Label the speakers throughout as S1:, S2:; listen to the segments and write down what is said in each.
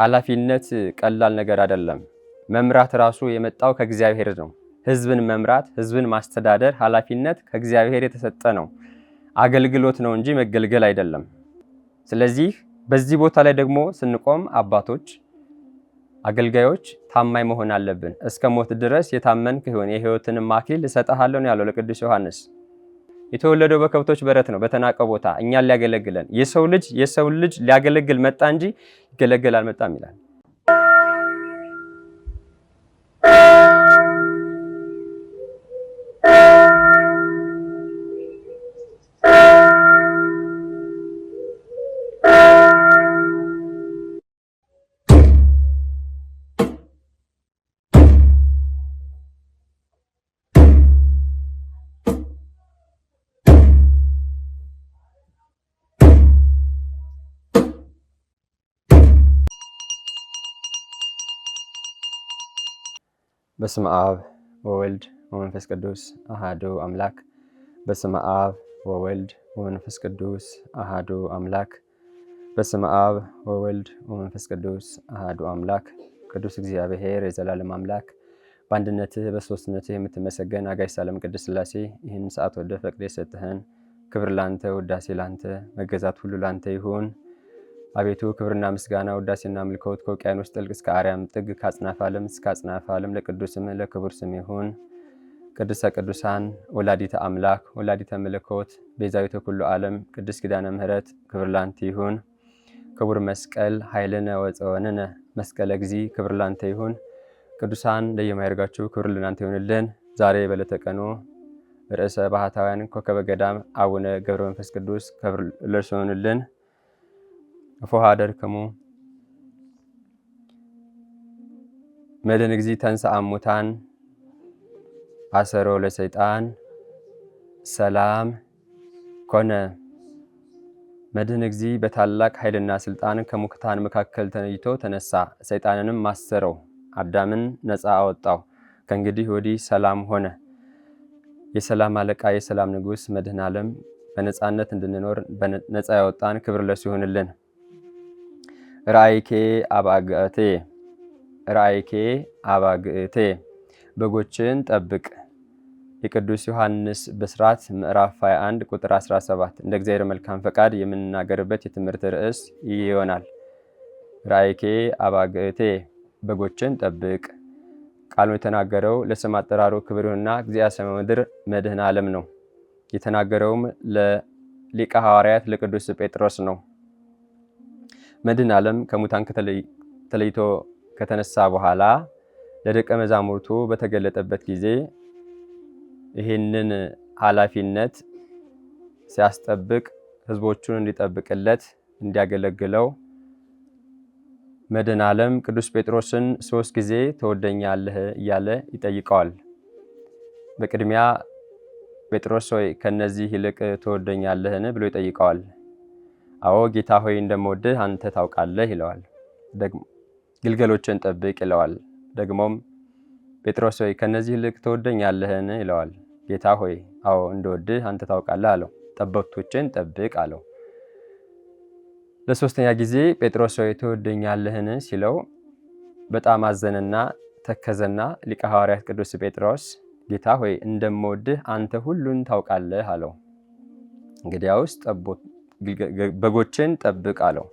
S1: ኃላፊነት ቀላል ነገር አይደለም። መምራት ራሱ የመጣው ከእግዚአብሔር ነው። ህዝብን መምራት፣ ህዝብን ማስተዳደር ኃላፊነት ከእግዚአብሔር የተሰጠ ነው። አገልግሎት ነው እንጂ መገልገል አይደለም። ስለዚህ በዚህ ቦታ ላይ ደግሞ ስንቆም አባቶች፣ አገልጋዮች ታማኝ መሆን አለብን። እስከ ሞት ድረስ የታመንክ ይሁን የህይወትን አክሊል እሰጥሃለሁ ያለው ለቅዱስ ዮሐንስ የተወለደው በከብቶች በረት ነው፣ በተናቀ ቦታ እኛን ሊያገለግለን። የሰው ልጅ የሰው ልጅ ሊያገለግል መጣ እንጂ ይገለገል አልመጣም ይላል።
S2: በስመ አብ ወወልድ ወመንፈስ ቅዱስ አሃዱ አምላክ። በስመ አብ ወወልድ ወመንፈስ ቅዱስ አሃዱ አምላክ። በስመ አብ ወወልድ ወመንፈስ ቅዱስ አሃዱ አምላክ። ቅዱስ እግዚአብሔር የዘላለም አምላክ በአንድነትህ በሶስትነትህ የምትመሰገን አጋዕዝተ ዓለም ቅድስት ሥላሴ ይህን ሰዓት ወደ ፈቅድ የሰጠህን ክብር ላንተ፣ ውዳሴ ላንተ፣ መገዛት ሁሉ ላንተ ይሁን። አቤቱ ክብርና ምስጋና ውዳሴና ምልኮት ከውቅያኖስ ጥልቅ እስከ አርያም ጥግ ከአጽናፍ ዓለም እስከ አጽናፍ ዓለም ለቅዱስ ስምህ ለክቡር ስም ይሁን። ቅድስተ ቅዱሳን ወላዲተ አምላክ ወላዲተ ምልኮት ቤዛዊተ ኩሉ ዓለም ቅድስት ኪዳነ ምሕረት ክብር ላንተ ይሁን። ክቡር መስቀል ኃይልነ ወፀወንነ መስቀለ ጊዜ ክብር ላንተ ይሁን። ቅዱሳን ለየማይርጋችሁ ክብር ልናንተ ይሁንልን። ዛሬ በዕለተ ቀኑ ርዕሰ ባህታውያን ኮከበ ገዳም አቡነ ገብረ መንፈስ ቅዱስ ክብር ለእርሱ ይሁንልን። እፎሃ ደርክሙ መድን እግዚ ተንሳ አሙታን አሰሮ ለሰይጣን ሰላም ኮነ። መድህን እግዚ በታላቅ ኃይልና ስልጣን ከሙክታን መካከል ተነይቶ ተነሳ፣ ሰይጣንንም ማሰረው፣ አዳምን ነፃ አወጣው። ከእንግዲህ ወዲህ ሰላም ሆነ። የሰላም አለቃ የሰላም ንጉስ መድህን ዓለም በነፃነት እንድንኖር ነፃ ያወጣን ክብር ለሱ ይሁንልን። ራይኬ አባግቴ ራይኬ አባግቴ በጎችን ጠብቅ። የቅዱስ ዮሐንስ ብስራት ምዕራፍ 21 ቁጥር 17 እንደ እግዚአብሔር መልካም ፈቃድ የምንናገርበት የትምህርት ርዕስ ይሆናል። ራይኬ አባግቴ በጎችን ጠብቅ። ቃሉን የተናገረው ለስም አጠራሩ ክብርና እግዚአ ሰመ ምድር መድህን ዓለም ነው። የተናገረውም ለሊቀ ሐዋርያት ለቅዱስ ጴጥሮስ ነው። መድን ዓለም ከሙታን ተለይቶ ከተነሳ በኋላ ለደቀ መዛሙርቱ በተገለጠበት ጊዜ ይህንን ኃላፊነት ሲያስጠብቅ ህዝቦቹን እንዲጠብቅለት እንዲያገለግለው መድን ዓለም ቅዱስ ጴጥሮስን ሶስት ጊዜ ትወደኛለህ እያለ ይጠይቀዋል። በቅድሚያ ጴጥሮስ ሆይ ከነዚህ ይልቅ ትወደኛለህን ብሎ ይጠይቀዋል። አዎ ጌታ ሆይ እንደምወድህ አንተ ታውቃለህ ይለዋል። ደግሞ ግልገሎችን ጠብቅ ይለዋል። ደግሞም ጴጥሮስ ሆይ ከእነዚህ ይልቅ ትወደኛለህን ይለዋል። ጌታ ሆይ አዎ እንደወድህ አንተ ታውቃለህ አለው። ጠበቶችን ጠብቅ አለው። ለሶስተኛ ጊዜ ጴጥሮስ ሆይ ትወደኛለህን ሲለው በጣም አዘነና ተከዘና ሊቀ ሐዋርያት ቅዱስ ጴጥሮስ ጌታ ሆይ እንደምወድህ አንተ ሁሉን ታውቃለህ አለው። እንግዲያውስ በጎችን ጠብቅ አለው።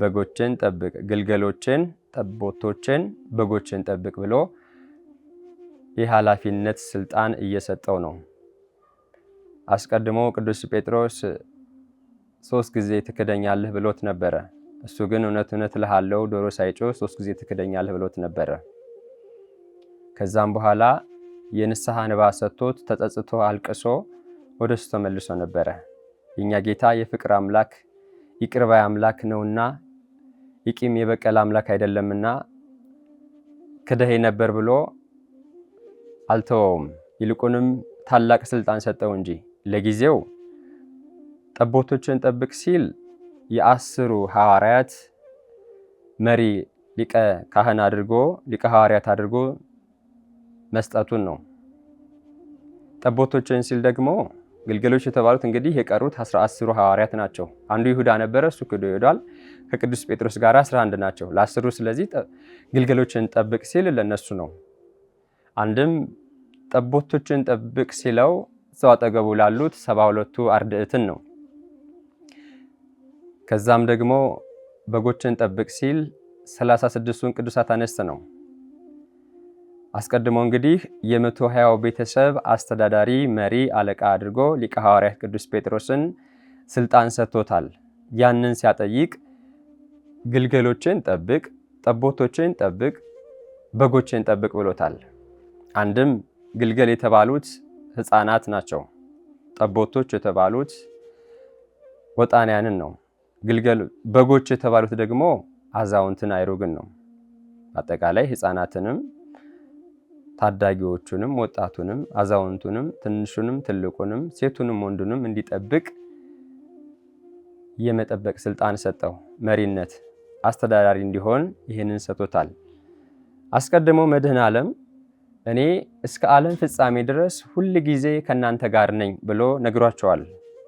S2: በጎችን ጠብቅ፣ ግልገሎችን፣ ጠቦቶችን፣ በጎችን ጠብቅ ብሎ የኃላፊነት ስልጣን እየሰጠው ነው። አስቀድሞ ቅዱስ ጴጥሮስ ሶስት ጊዜ ትክደኛለህ ብሎት ነበረ። እሱ ግን እውነት እውነት እልሃለሁ ዶሮ ሳይጮህ ሶስት ጊዜ ትክደኛለህ ብሎት ነበረ። ከዛም በኋላ የንስሐ ንባ ሰጥቶት ተጸጽቶ አልቅሶ ወደ እሱ ተመልሶ ነበረ። የእኛ ጌታ የፍቅር አምላክ ይቅርባይ አምላክ ነውና የቂም የበቀል አምላክ አይደለምና ክደህ ነበር ብሎ አልተወውም። ይልቁንም ታላቅ ስልጣን ሰጠው እንጂ ለጊዜው ጠቦቶችን ጠብቅ ሲል የአስሩ ሐዋርያት መሪ ሊቀ ካህን አድርጎ ሊቀ ሐዋርያት አድርጎ መስጠቱን ነው። ጠቦቶችን ሲል ደግሞ ግልገሎች የተባሉት እንግዲህ የቀሩት አስራ አስሩ ሐዋርያት ናቸው። አንዱ ይሁዳ ነበረ፣ እሱ ክዶ ይሄዳል። ከቅዱስ ጴጥሮስ ጋር 11 ናቸው ለአስሩ። ስለዚህ ግልገሎችን ጠብቅ ሲል ለነሱ ነው። አንድም ጠቦቶችን ጠብቅ ሲለው ሰው አጠገቡ ላሉት ሰባ ሁለቱ አርድእትን ነው። ከዛም ደግሞ በጎችን ጠብቅ ሲል 36 ስድስቱን ቅዱሳት አነስት ነው። አስቀድሞ እንግዲህ የመቶ ሃያው ቤተሰብ አስተዳዳሪ መሪ አለቃ አድርጎ ሊቀ ሐዋርያት ቅዱስ ጴጥሮስን ስልጣን ሰጥቶታል። ያንን ሲያጠይቅ ግልገሎችን ጠብቅ፣ ጠቦቶችን ጠብቅ፣ በጎችን ጠብቅ ብሎታል። አንድም ግልገል የተባሉት ሕፃናት ናቸው። ጠቦቶች የተባሉት ወጣንያንን ነው። ግልገል በጎች የተባሉት ደግሞ አዛውንትን አይሩግን ነው። አጠቃላይ ሕፃናትንም ታዳጊዎቹንም ወጣቱንም አዛውንቱንም ትንሹንም ትልቁንም ሴቱንም ወንዱንም እንዲጠብቅ የመጠበቅ ስልጣን ሰጠው። መሪነት፣ አስተዳዳሪ እንዲሆን ይህንን ሰጥቶታል። አስቀድሞ መድህን ዓለም እኔ እስከ ዓለም ፍጻሜ ድረስ ሁል ጊዜ ከእናንተ ጋር ነኝ ብሎ ነግሯቸዋል።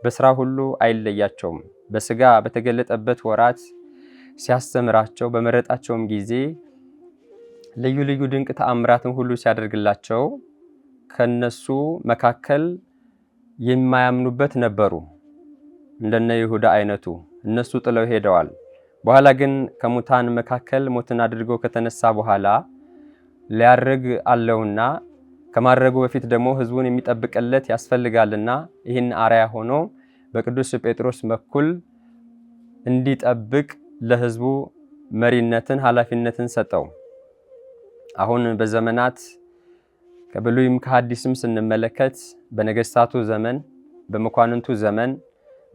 S2: በስራ ሁሉ አይለያቸውም። በስጋ በተገለጠበት ወራት ሲያስተምራቸው በመረጣቸውም ጊዜ ልዩ ልዩ ድንቅ ተአምራትን ሁሉ ሲያደርግላቸው ከነሱ መካከል የማያምኑበት ነበሩ፣ እንደነ ይሁዳ አይነቱ እነሱ ጥለው ሄደዋል። በኋላ ግን ከሙታን መካከል ሞትን አድርጎ ከተነሳ በኋላ ሊያርግ አለውና ከማድረጉ በፊት ደግሞ ህዝቡን የሚጠብቅለት ያስፈልጋልና ይህን አርያ ሆኖ በቅዱስ ጴጥሮስ በኩል እንዲጠብቅ ለህዝቡ መሪነትን ኃላፊነትን ሰጠው። አሁን በዘመናት ከብሉይም ከሐዲስም ስንመለከት በነገስታቱ ዘመን፣ በመኳንንቱ ዘመን፣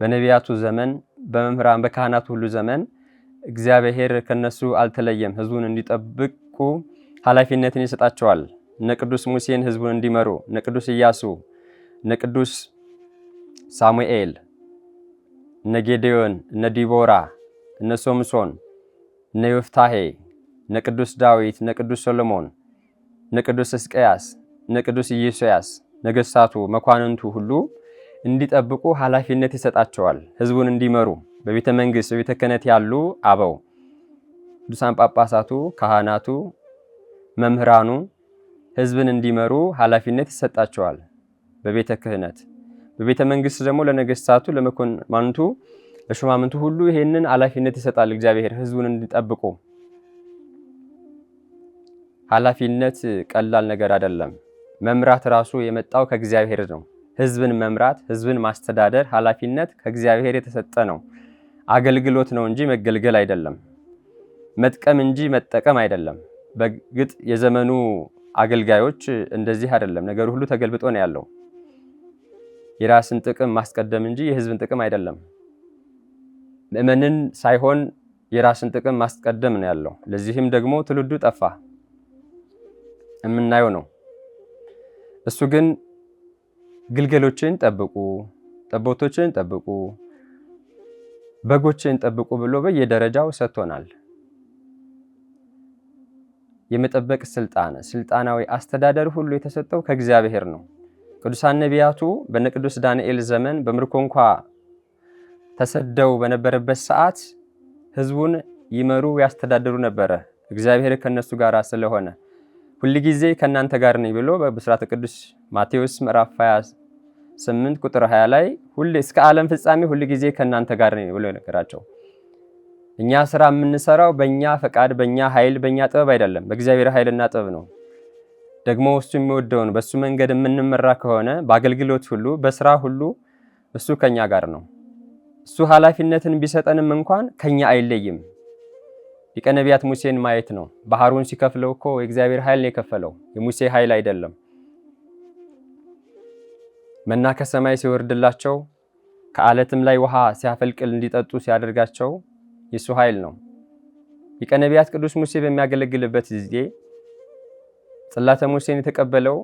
S2: በነቢያቱ ዘመን፣ በመምህራን በካህናቱ ሁሉ ዘመን እግዚአብሔር ከነሱ አልተለየም። ህዝቡን እንዲጠብቁ ኃላፊነትን ይሰጣቸዋል። እነ ቅዱስ ሙሴን ህዝቡን እንዲመሩ፣ እነ ቅዱስ ኢያሱ፣ እነ ቅዱስ ሳሙኤል፣ እነ ጌዴዮን፣ እነ ዲቦራ፣ እነ ሶምሶን፣ እነ ዮፍታሄ እነ ቅዱስ ዳዊት፣ እነ ቅዱስ ሰሎሞን፣ እነ ቅዱስ እስቀያስ፣ እነ ቅዱስ ኢየሱያስ ነገሥታቱ፣ መኳንንቱ ሁሉ እንዲጠብቁ ኃላፊነት ይሰጣቸዋል። ህዝቡን እንዲመሩ በቤተ መንግሥት በቤተ ክህነት ያሉ አበው ቅዱሳን ጳጳሳቱ፣ ካህናቱ፣ መምህራኑ ህዝብን እንዲመሩ ኃላፊነት ይሰጣቸዋል በቤተ ክህነት። በቤተ መንግሥት ደግሞ ለነገሥታቱ፣ ለመኮንማንቱ፣ ለሹማምንቱ ሁሉ ይህንን ኃላፊነት ይሰጣል እግዚአብሔር ህዝቡን እንዲጠብቁ
S1: ኃላፊነት ቀላል ነገር አይደለም። መምራት ራሱ የመጣው ከእግዚአብሔር ነው። ህዝብን መምራት፣ ህዝብን ማስተዳደር ኃላፊነት ከእግዚአብሔር የተሰጠ ነው። አገልግሎት ነው እንጂ መገልገል አይደለም። መጥቀም እንጂ መጠቀም አይደለም። በእርግጥ የዘመኑ አገልጋዮች እንደዚህ አይደለም። ነገሩ ሁሉ ተገልብጦ ነው ያለው። የራስን ጥቅም ማስቀደም እንጂ የህዝብን ጥቅም አይደለም። ምእመንን ሳይሆን የራስን ጥቅም ማስቀደም ነው ያለው። ለዚህም ደግሞ ትውልዱ ጠፋ። የምናየው ነው። እሱ ግን ግልገሎችን ጠብቁ፣ ጠቦቶችን ጠብቁ፣ በጎችን ጠብቁ ብሎ በየደረጃው ሰጥቶናል። የመጠበቅ ስልጣን ስልጣናዊ አስተዳደር ሁሉ የተሰጠው ከእግዚአብሔር ነው። ቅዱሳን ነቢያቱ በነ ቅዱስ ዳንኤል ዘመን በምርኮ እንኳ ተሰደው በነበረበት ሰዓት ህዝቡን ይመሩ ያስተዳድሩ ነበረ፣ እግዚአብሔር ከእነሱ ጋር ስለሆነ ሁልጊዜ ከእናንተ ጋር ነኝ ብሎ በብስራተ ቅዱስ ማቴዎስ ምዕራፍ 28 ቁጥር 20 ላይ ሁሌ እስከ ዓለም ፍጻሜ ሁልጊዜ ከእናንተ ጋር ነኝ ብሎ ነገራቸው። እኛ ስራ የምንሰራው በእኛ ፈቃድ፣ በእኛ ኃይል፣ በእኛ ጥበብ አይደለም፣ በእግዚአብሔር ኃይልና ጥበብ ነው። ደግሞ እሱ የሚወደውን በእሱ መንገድ የምንመራ ከሆነ በአገልግሎት ሁሉ በስራ ሁሉ እሱ ከኛ ጋር ነው። እሱ ኃላፊነትን ቢሰጠንም እንኳን ከኛ አይለይም። የቀነቢያት ሙሴን ማየት ነው። ባህሩን ሲከፍለው እኮ የእግዚአብሔር ኃይል ነው የከፈለው፣ የሙሴ ኃይል አይደለም። መና ከሰማይ ሲወርድላቸው ከአለትም ላይ ውሃ ሲያፈልቅል እንዲጠጡ ሲያደርጋቸው የሱ ኃይል ነው። የቀነቢያት ቅዱስ ሙሴ በሚያገለግልበት ጊዜ ጽላተ ሙሴን የተቀበለው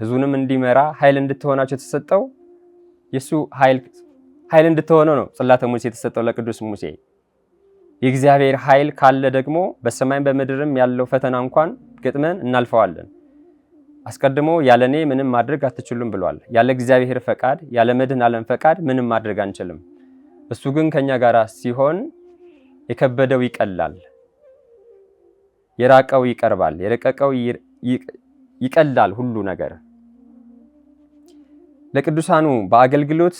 S1: ህዝቡንም እንዲመራ ኃይል እንድትሆናቸው የተሰጠው የሱ ኃይል እንድትሆነው ነው ጽላተ ሙሴ የተሰጠው ለቅዱስ ሙሴ። የእግዚአብሔር ኃይል ካለ ደግሞ በሰማይም በምድርም ያለው ፈተና እንኳን ገጥመን እናልፈዋለን። አስቀድሞ ያለ እኔ ምንም ማድረግ አትችሉም ብሏል። ያለ እግዚአብሔር ፈቃድ፣ ያለ መድህን ዓለም ፈቃድ ምንም ማድረግ አንችልም። እሱ ግን ከኛ ጋር ሲሆን የከበደው ይቀላል፣ የራቀው ይቀርባል፣ የረቀቀው ይቀላል ሁሉ ነገር። ለቅዱሳኑ በአገልግሎት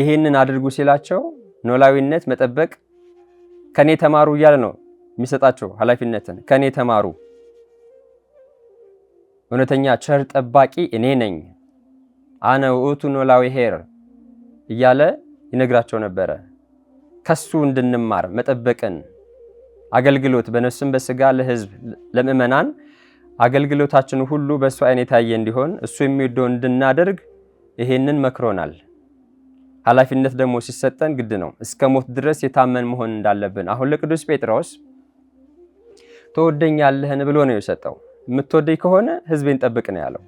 S1: ይሄንን አድርጉ ሲላቸው ኖላዊነት መጠበቅ ከኔ ተማሩ እያለ ነው የሚሰጣቸው ኃላፊነትን። ከኔ ተማሩ፣ እውነተኛ ቸር ጠባቂ እኔ ነኝ፣ አነ ውእቱ ኖላዊ ሄር እያለ ይነግራቸው ነበረ። ከሱ እንድንማር መጠበቅን አገልግሎት በነፍስም በስጋ ለህዝብ ለምእመናን አገልግሎታችን ሁሉ በእሱ አይነት የታየ እንዲሆን እሱ የሚወደው እንድናደርግ ይሄንን መክሮናል። ኃላፊነት ደግሞ ሲሰጠን ግድ ነው። እስከ ሞት ድረስ የታመን መሆን እንዳለብን አሁን ለቅዱስ ጴጥሮስ ትወደኛለህን ብሎ ነው የሰጠው። የምትወደኝ ከሆነ ሕዝቤን ጠብቅ ነው ያለው።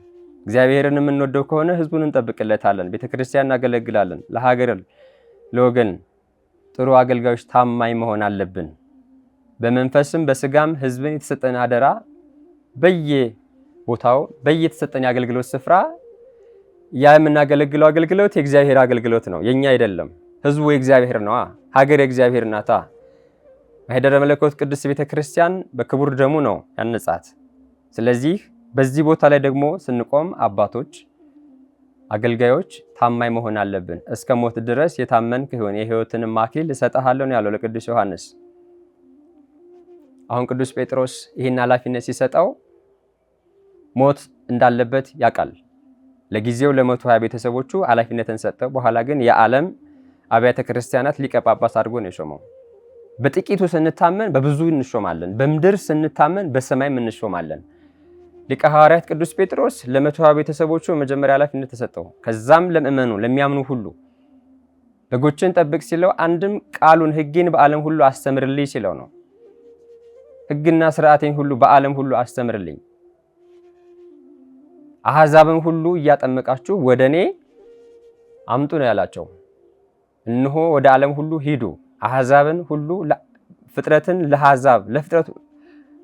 S1: እግዚአብሔርን የምንወደው ከሆነ ህዝቡን እንጠብቅለታለን፣ ቤተክርስቲያን እናገለግላለን። ለሀገር ለወገን ጥሩ አገልጋዮች ታማኝ መሆን አለብን። በመንፈስም በስጋም ህዝብን የተሰጠን አደራ በየ ቦታው በየተሰጠን የአገልግሎት ስፍራ ያ የምናገለግለው አገልግሎት የእግዚአብሔር አገልግሎት ነው፣ የእኛ አይደለም። ህዝቡ የእግዚአብሔር ነዋ። ሀገር የእግዚአብሔር ናታ። ማኅደረ መለኮት ቅድስት ቤተ ክርስቲያን በክቡር ደሙ ነው ያነጻት። ስለዚህ በዚህ ቦታ ላይ ደግሞ ስንቆም አባቶች፣ አገልጋዮች ታማኝ መሆን አለብን። እስከ ሞት ድረስ የታመንክ ይሁን የህይወትን አክሊል እሰጥሃለሁ ያለው ለቅዱስ ዮሐንስ። አሁን ቅዱስ ጴጥሮስ ይህን ኃላፊነት ሲሰጠው ሞት እንዳለበት ያውቃል። ለጊዜው ለመቶ ሀያ ቤተሰቦቹ ኃላፊነትን ሰጠው። በኋላ ግን የዓለም አብያተ ክርስቲያናት ሊቀ ጳጳስ አድርጎ ነው የሾመው። በጥቂቱ ስንታመን በብዙ እንሾማለን። በምድር ስንታመን በሰማይም እንሾማለን። ሊቀ ሐዋርያት ቅዱስ ጴጥሮስ ለመቶ ሀያ ቤተሰቦቹ መጀመሪያ ኃላፊነት ተሰጠው። ከዛም ለምእመኑ ለሚያምኑ ሁሉ በጎችን ጠብቅ ሲለው አንድም ቃሉን ሕጌን በዓለም ሁሉ አስተምርልኝ ሲለው ነው። ሕግና ስርዓቴን ሁሉ በዓለም ሁሉ አስተምርልኝ አሕዛብን ሁሉ እያጠመቃችሁ ወደ እኔ አምጡ ነው ያላቸው። እነሆ ወደ ዓለም ሁሉ ሂዱ፣ አሕዛብን ሁሉ ፍጥረትን ለአሕዛብ ለፍጥረቱ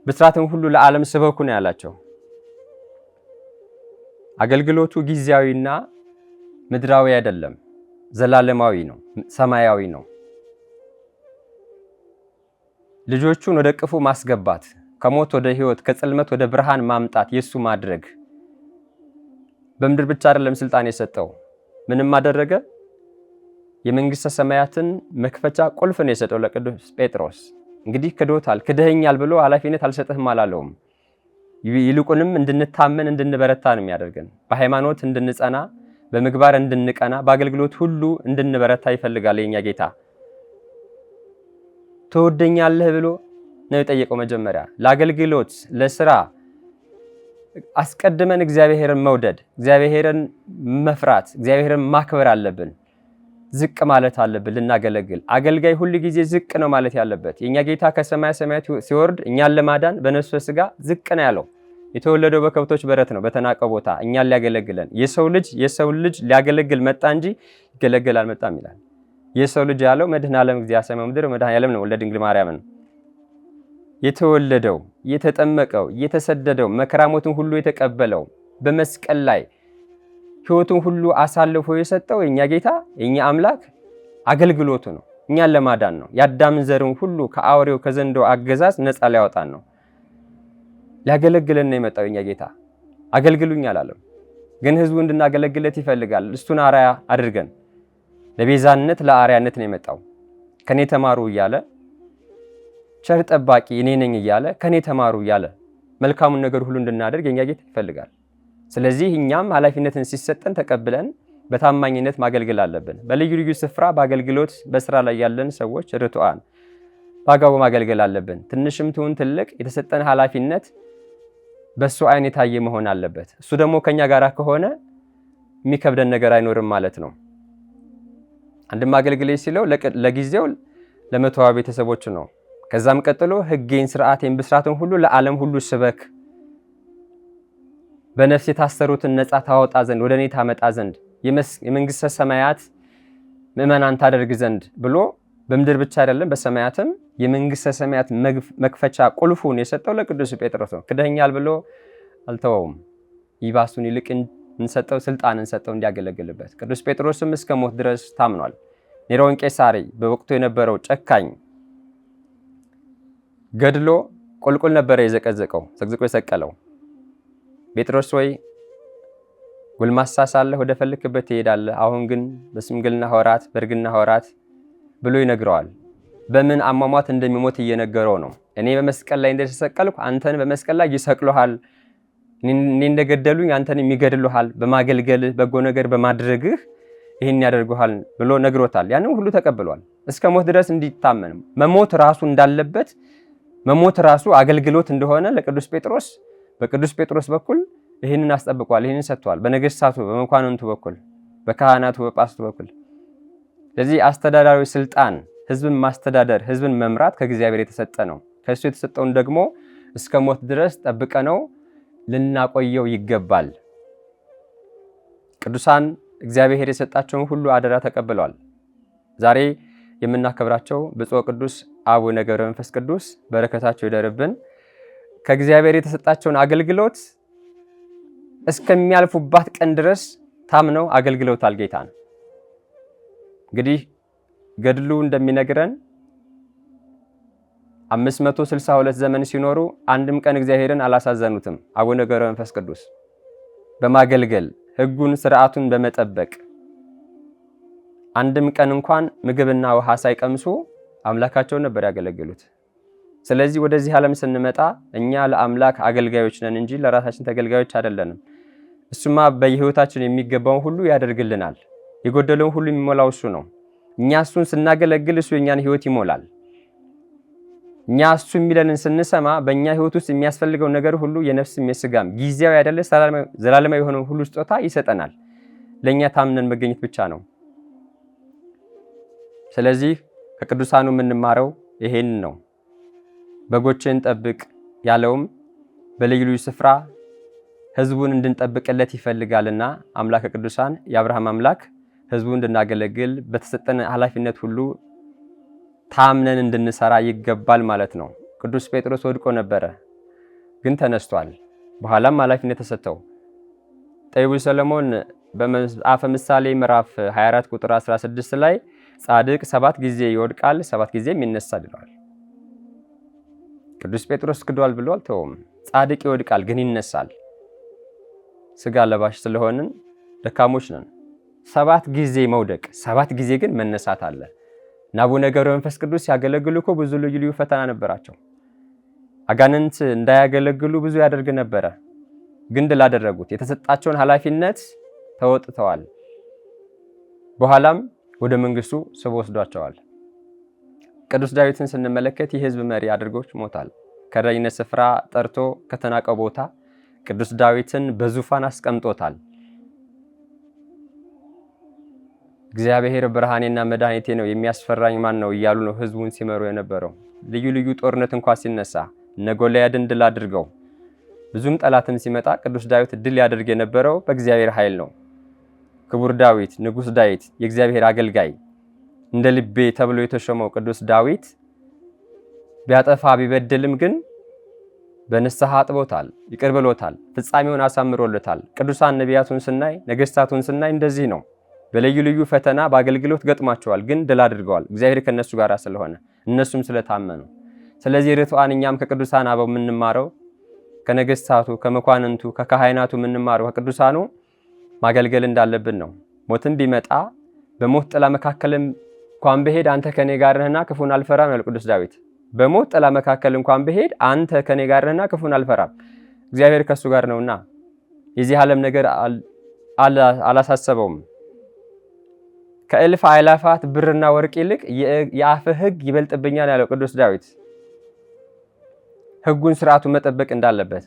S1: ብስራትን ሁሉ ለዓለም ስበኩ ነው ያላቸው። አገልግሎቱ ጊዜያዊና ምድራዊ አይደለም፣ ዘላለማዊ ነው፣ ሰማያዊ ነው። ልጆቹን ወደ ቅፉ ማስገባት፣ ከሞት ወደ ህይወት ከጽልመት ወደ ብርሃን ማምጣት የእሱ ማድረግ በምድር ብቻ አይደለም ስልጣን የሰጠው ምንም አደረገ። የመንግስተ ሰማያትን መክፈቻ ቁልፍ ነው የሰጠው ለቅዱስ ጴጥሮስ። እንግዲህ ክዶታል፣ ክደኸኛል ብሎ ኃላፊነት አልሰጥህም አላለውም። ይልቁንም እንድንታመን እንድንበረታ ነው የሚያደርገን። በሃይማኖት እንድንጸና፣ በምግባር እንድንቀና፣ በአገልግሎት ሁሉ እንድንበረታ ይፈልጋል የኛ ጌታ። ትወደኛለህ ብሎ ነው የጠየቀው መጀመሪያ ለአገልግሎት ለስራ አስቀድመን እግዚአብሔርን መውደድ፣ እግዚአብሔርን መፍራት፣ እግዚአብሔርን ማክበር አለብን። ዝቅ ማለት አለብን ልናገለግል። አገልጋይ ሁል ጊዜ ዝቅ ነው ማለት ያለበት። የእኛ ጌታ ከሰማያ ሰማያት ሲወርድ እኛን ለማዳን በነፍሰ ስጋ ዝቅ ነው ያለው። የተወለደው በከብቶች በረት ነው፣ በተናቀ ቦታ እኛን ሊያገለግለን። የሰው ልጅ የሰው ልጅ ሊያገለግል መጣ እንጂ ይገለገል አልመጣም ይላል። የሰው ልጅ ያለው መድህን ዓለም እግዚአ ሰማየ ምድር መድህን ዓለም ነው ወልደ ማርያም ነው። የተወለደው፣ የተጠመቀው፣ የተሰደደው፣ መከራሞትን ሁሉ የተቀበለው በመስቀል ላይ ህይወቱን ሁሉ አሳልፎ የሰጠው የእኛ ጌታ የእኛ አምላክ አገልግሎቱ ነው። እኛን ለማዳን ነው። የአዳምን ዘርን ሁሉ ከአውሬው ከዘንዶው አገዛዝ ነፃ ሊያወጣን ነው። ሊያገለግለን ነው የመጣው የእኛ ጌታ። አገልግሉኝ አላለም፣ ግን ህዝቡ እንድናገለግለት ይፈልጋል። እሱን አርያ አድርገን ለቤዛነት ለአርያነት ነው የመጣው ከእኔ ተማሩ እያለ ቸር ጠባቂ እኔ ነኝ እያለ ከእኔ ተማሩ እያለ መልካሙን ነገር ሁሉ እንድናደርግ የኛ ጌታ ይፈልጋል። ስለዚህ እኛም ኃላፊነትን ሲሰጠን ተቀብለን በታማኝነት ማገልገል አለብን። በልዩ ልዩ ስፍራ በአገልግሎት በስራ ላይ ያለን ሰዎች ርቱዓን በአግባቡ ማገልገል አለብን። ትንሽም ትሁን ትልቅ የተሰጠን ኃላፊነት በእሱ አይን የታየ መሆን አለበት። እሱ ደግሞ ከኛ ጋር ከሆነ የሚከብደን ነገር አይኖርም ማለት ነው። አንድም አገልግሌ ሲለው ለጊዜው ለመተዋ ቤተሰቦች ነው። ከዛም ቀጥሎ ሕጌን ስርዓቴን ብስራትን ሁሉ ለዓለም ሁሉ ስበክ በነፍስ የታሰሩትን ነፃ ታወጣ ዘንድ ወደ እኔ ታመጣ ዘንድ የመንግስተ ሰማያት ምእመናን ታደርግ ዘንድ ብሎ በምድር ብቻ አይደለም በሰማያትም የመንግስተ ሰማያት መክፈቻ ቁልፉን የሰጠው ለቅዱስ ጴጥሮስ ነው። ክደኛል ብሎ አልተወውም። ይባሱን ይልቅ እንሰጠው ስልጣን እንሰጠው እንዲያገለግልበት። ቅዱስ ጴጥሮስም እስከ ሞት ድረስ ታምኗል። ኔሮን ቄሳሪ በወቅቱ የነበረው ጨካኝ ገድሎ ቁልቁል ነበረ የዘቀዘቀው ዘቅዝቆ የሰቀለው። ጴጥሮስ ወይ ጎልማሳ ሳለህ ወደ ፈለክበት ትሄዳለህ፣ አሁን ግን በስምግልና ወራት በእርግና ወራት ብሎ ይነግረዋል። በምን አሟሟት እንደሚሞት እየነገረው ነው። እኔ በመስቀል ላይ እንደተሰቀልኩ አንተን በመስቀል ላይ ይሰቅሉሃል፣ እኔ እንደገደሉኝ አንተን የሚገድሉሃል፣ በማገልገልህ በጎ ነገር በማድረግህ ይህን ያደርጉሃል ብሎ ነግሮታል። ያንም ሁሉ ተቀብሏል። እስከ ሞት ድረስ እንዲታመን መሞት ራሱ እንዳለበት መሞት ራሱ አገልግሎት እንደሆነ ለቅዱስ ጴጥሮስ በቅዱስ ጴጥሮስ በኩል ይህንን አስጠብቋል። ይህንን ሰጥቷል። በነገስታቱ በመኳንንቱ በኩል በካህናቱ በጳስቱ በኩል ስለዚህ አስተዳዳሪ ስልጣን ህዝብን ማስተዳደር ህዝብን መምራት ከእግዚአብሔር የተሰጠ ነው። ከእሱ የተሰጠውን ደግሞ እስከ ሞት ድረስ ጠብቀ ነው ልናቆየው ይገባል። ቅዱሳን እግዚአብሔር የሰጣቸውን ሁሉ አደራ ተቀብለዋል። ዛሬ የምናከብራቸው ብፁዕ ቅዱስ አቡነ ገብረ መንፈስ ቅዱስ በረከታቸው ይደርብን። ከእግዚአብሔር የተሰጣቸውን አገልግሎት እስከሚያልፉባት ቀን ድረስ ታምነው አገልግሎት ጌታን። እንግዲህ ገድሉ እንደሚነግረን 562 ዘመን ሲኖሩ አንድም ቀን እግዚአብሔርን አላሳዘኑትም አቡነ ገብረ መንፈስ ቅዱስ በማገልገል ሕጉን ስርዓቱን በመጠበቅ አንድም ቀን እንኳን ምግብና ውሃ ሳይቀምሱ አምላካቸውን ነበር ያገለግሉት ስለዚህ ወደዚህ ዓለም ስንመጣ እኛ ለአምላክ አገልጋዮች ነን እንጂ ለራሳችን ተገልጋዮች አይደለንም። እሱማ በየህይወታችን የሚገባውን ሁሉ ያደርግልናል። የጎደለውን ሁሉ የሚሞላው እሱ ነው። እኛ እሱን ስናገለግል እሱ የእኛን ህይወት ይሞላል። እኛ እሱ የሚለንን ስንሰማ በእኛ ህይወት ውስጥ የሚያስፈልገው ነገር ሁሉ የነፍስም የስጋም ጊዜያዊ አይደለ ዘላለማዊ የሆነ ሁሉ ስጦታ ይሰጠናል። ለእኛ ታምነን መገኘት ብቻ ነው። ስለዚህ ከቅዱሳኑ የምንማረው ይሄን ነው። በጎችን ጠብቅ ያለውም በልዩ ልዩ ስፍራ ህዝቡን እንድንጠብቅለት ይፈልጋልና አምላከ ቅዱሳን የአብርሃም አምላክ ህዝቡን እንድናገለግል በተሰጠን ኃላፊነት ሁሉ ታምነን እንድንሰራ ይገባል ማለት ነው። ቅዱስ ጴጥሮስ ወድቆ ነበረ፣ ግን ተነስቷል። በኋላም ኃላፊነት ተሰጥተው ጠቢቡ ሰለሞን በአፈ ምሳሌ ምዕራፍ 24 ቁጥር 16 ላይ ጻድቅ ሰባት ጊዜ ይወድቃል፣ ሰባት ጊዜም ይነሳል ይለዋል። ቅዱስ ጴጥሮስ ክዷል ብሎ አልተወውም። ጻድቅ ይወድቃል ግን ይነሳል። ስጋ ለባሽ ስለሆንን ደካሞች ነን። ሰባት ጊዜ መውደቅ፣ ሰባት ጊዜ ግን መነሳት አለ እና አቡነ ገብረ መንፈስ ቅዱስ ሲያገለግሉ እኮ ብዙ ልዩ ልዩ ፈተና ነበራቸው። አጋንንት እንዳያገለግሉ ብዙ ያደርግ ነበረ፣ ግን ድል አደረጉት። የተሰጣቸውን ኃላፊነት ተወጥተዋል። በኋላም ወደ መንግስቱ ስቦ ወስዷቸዋል። ቅዱስ ዳዊትን ስንመለከት የህዝብ መሪ አድርጎች ሞታል። ከረኝነት ስፍራ ጠርቶ ከተናቀው ቦታ ቅዱስ ዳዊትን በዙፋን አስቀምጦታል። እግዚአብሔር ብርሃኔና መድኃኒቴ ነው የሚያስፈራኝ ማን ነው እያሉ ነው ህዝቡን ሲመሩ የነበረው። ልዩ ልዩ ጦርነት እንኳ ሲነሳ እነ ጎልያድን ድል አድርገው ብዙም ጠላትም ሲመጣ ቅዱስ ዳዊት ድል ያደርግ የነበረው በእግዚአብሔር ኃይል ነው። ክቡር ዳዊት ንጉሥ ዳዊት የእግዚአብሔር አገልጋይ እንደ ልቤ ተብሎ የተሾመው ቅዱስ ዳዊት ቢያጠፋ ቢበድልም ግን በንስሐ አጥቦታል፣ ይቅር ብሎታል፣ ፍጻሜውን አሳምሮለታል። ቅዱሳን ነቢያቱን ስናይ፣ ነገስታቱን ስናይ እንደዚህ ነው። በልዩ ልዩ ፈተና በአገልግሎት ገጥሟቸዋል፣ ግን ድል አድርገዋል። እግዚአብሔር ከእነሱ ጋር ስለሆነ እነሱም ስለታመኑ። ስለዚህ ርቱዓን እኛም ከቅዱሳን አበው የምንማረው ከነገስታቱ ከመኳንንቱ፣ ከካህናቱ የምንማረው ከቅዱሳኑ ማገልገል እንዳለብን ነው። ሞትም ቢመጣ በሞት ጥላ መካከልም እንኳን ብሄድ አንተ ከኔ ጋር ነህና ክፉን አልፈራም ያለ ቅዱስ ዳዊት። በሞት ጥላ መካከል እንኳን ብሄድ አንተ ከኔ ጋር ነህና ክፉን አልፈራም፣ እግዚአብሔር ከእሱ ጋር ነውና የዚህ ዓለም ነገር አላሳሰበውም። ከእልፍ አእላፋት ብርና ወርቅ ይልቅ የአፈ ሕግ ይበልጥብኛል ያለው ቅዱስ ዳዊት ሕጉን ስርዓቱን መጠበቅ እንዳለበት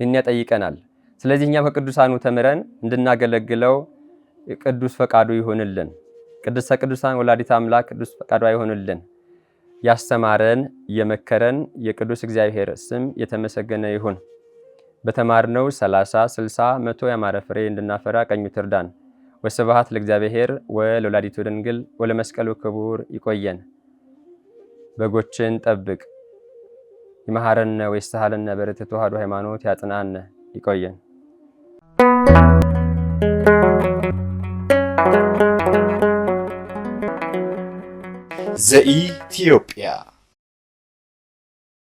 S1: ይህን ያጠይቀናል። ስለዚህ እኛ ከቅዱሳኑ ተምረን እንድናገለግለው ቅዱስ ፈቃዱ ይሆንልን። ቅድስተ ቅዱሳን ወላዲት አምላክ ቅዱስ ፈቃዷ ይሆንልን። ያስተማረን የመከረን የቅዱስ እግዚአብሔር ስም የተመሰገነ ይሁን። በተማርነው 30፣ 60፣ መቶ ያማረ ፍሬ እንድናፈራ ቀኙ ትርዳን። ወስብሐት ለእግዚአብሔር ወለወላዲቱ ድንግል ወለመስቀሉ ክቡር። ይቆየን። በጎችን ጠብቅ። ይመሐረነ ወይስተሃለነ በርትዕ ተዋሕዶ ሃይማኖት ያጽናነ። ይቆየን። ዘኢትዮጵያ